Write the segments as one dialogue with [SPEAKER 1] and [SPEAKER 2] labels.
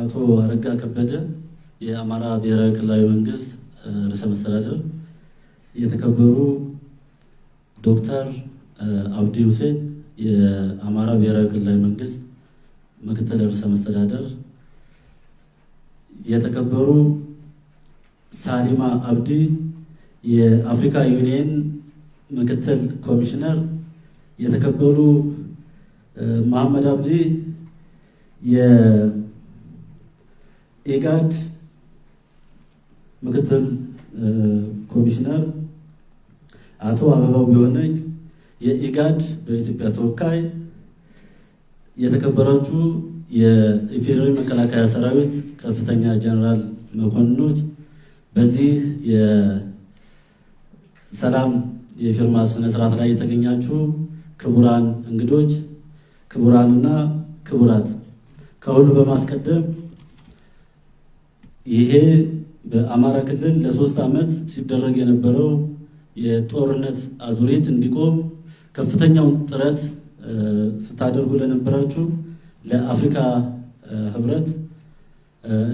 [SPEAKER 1] አቶ አረጋ ከበደ የአማራ ብሔራዊ ክልላዊ መንግስት ርዕሰ መስተዳድር፣ የተከበሩ ዶክተር አብዲ ሁሴን የአማራ ብሔራዊ ክልላዊ መንግስት ምክትል ርዕሰ መስተዳድር፣ የተከበሩ ሳሊማ አብዲ የአፍሪካ ዩኒየን ምክትል ኮሚሽነር፣ የተከበሩ መሐመድ አብዲ ኢጋድ ምክትል ኮሚሽነር አቶ አበባው ቢሆነኝ የኢጋድ በኢትዮጵያ ተወካይ፣ የተከበራችሁ የኢፌዴሪ መከላከያ ሰራዊት ከፍተኛ ጀነራል መኮንኖች፣ በዚህ የሰላም የፊርማ ስነስርዓት ላይ የተገኛችሁ ክቡራን እንግዶች፣ ክቡራንና ክቡራት ከሁሉ በማስቀደም ይሄ በአማራ ክልል ለሶስት ዓመት ሲደረግ የነበረው የጦርነት አዙሪት እንዲቆም ከፍተኛውን ጥረት ስታደርጉ ለነበራችሁ ለአፍሪካ ህብረት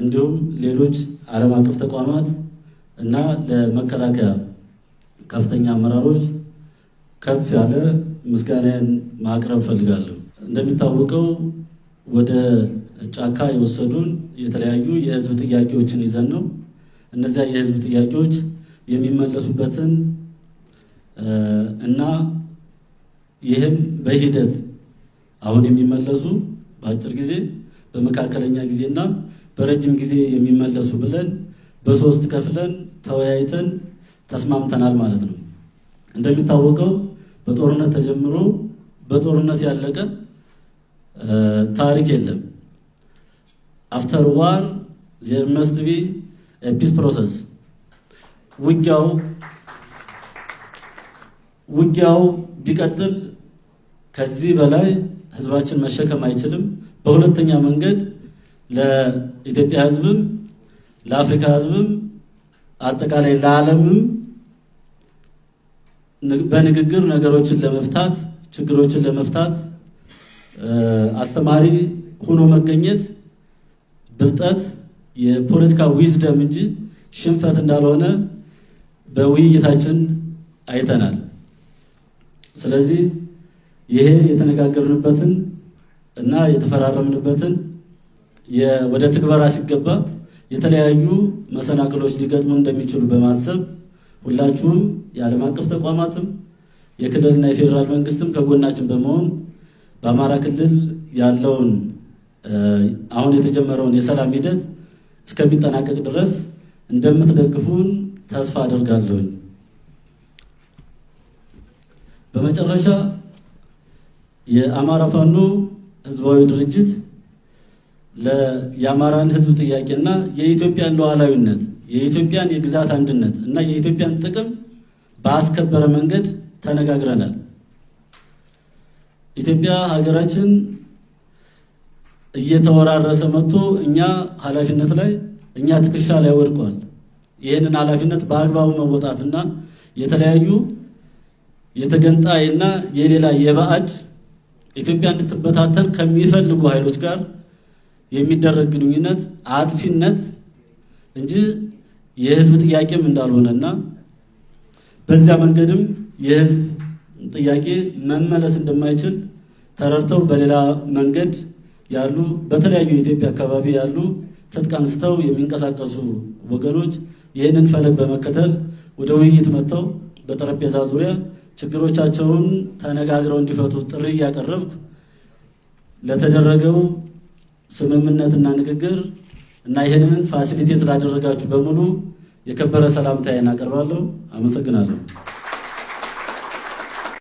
[SPEAKER 1] እንዲሁም ሌሎች ዓለም አቀፍ ተቋማት እና ለመከላከያ ከፍተኛ አመራሮች ከፍ ያለ ምስጋናን ማቅረብ ፈልጋለሁ። እንደሚታወቀው ወደ ጫካ የወሰዱን የተለያዩ የህዝብ ጥያቄዎችን ይዘን ነው። እነዚያ የህዝብ ጥያቄዎች የሚመለሱበትን እና ይህም በሂደት አሁን የሚመለሱ በአጭር ጊዜ፣ በመካከለኛ ጊዜና በረጅም ጊዜ የሚመለሱ ብለን በሶስት ከፍለን ተወያይተን ተስማምተናል ማለት ነው። እንደሚታወቀው በጦርነት ተጀምሮ በጦርነት ያለቀ ታሪክ የለም። አፍተር ዋር ዜር መስት ቢ ፒስ ፕሮሰስ። ውጊያው ውጊያው ቢቀጥል ከዚህ በላይ ህዝባችን መሸከም አይችልም። በሁለተኛ መንገድ ለኢትዮጵያ ህዝብም ለአፍሪካ ህዝብም አጠቃላይ ለዓለምም በንግግር ነገሮችን ለመፍታት ችግሮችን ለመፍታት አስተማሪ ሆኖ መገኘት ብልጠት የፖለቲካ ዊዝደም እንጂ ሽንፈት እንዳልሆነ በውይይታችን አይተናል። ስለዚህ ይሄ የተነጋገርንበትን እና የተፈራረምንበትን ወደ ትግበራ ሲገባ የተለያዩ መሰናክሎች ሊገጥሙ እንደሚችሉ በማሰብ ሁላችሁም የዓለም አቀፍ ተቋማትም የክልልና የፌዴራል መንግስትም ከጎናችን በመሆን በአማራ ክልል ያለውን አሁን የተጀመረውን የሰላም ሂደት እስከሚጠናቀቅ ድረስ እንደምትደግፉን ተስፋ አደርጋለሁኝ። በመጨረሻ የአማራ ፋኖ ህዝባዊ ድርጅት የአማራን ህዝብ ጥያቄና የኢትዮጵያን ሉዓላዊነት የኢትዮጵያን የግዛት አንድነት እና የኢትዮጵያን ጥቅም በአስከበረ መንገድ ተነጋግረናል። ኢትዮጵያ ሀገራችን እየተወራረሰ መጥቶ እኛ ኃላፊነት ላይ እኛ ትከሻ ላይ ወድቋል። ይህንን ኃላፊነት በአግባቡ መወጣትና የተለያዩ የተገንጣይ እና የሌላ የባዕድ ኢትዮጵያ እንድትበታተን ከሚፈልጉ ኃይሎች ጋር የሚደረግ ግንኙነት አጥፊነት እንጂ የህዝብ ጥያቄም እንዳልሆነና በዚያ መንገድም የህዝብ ጥያቄ መመለስ እንደማይችል ተረድተው በሌላ መንገድ ያሉ በተለያዩ የኢትዮጵያ አካባቢ ያሉ ትጥቅ አንስተው የሚንቀሳቀሱ ወገኖች ይህንን ፈለግ በመከተል ወደ ውይይት መጥተው በጠረጴዛ ዙሪያ ችግሮቻቸውን ተነጋግረው እንዲፈቱ ጥሪ እያቀረብኩ ለተደረገው ስምምነትና ንግግር እና ይህንን ፋሲሊቴት ላደረጋችሁ በሙሉ የከበረ ሰላምታዬን አቀርባለሁ። አመሰግናለሁ።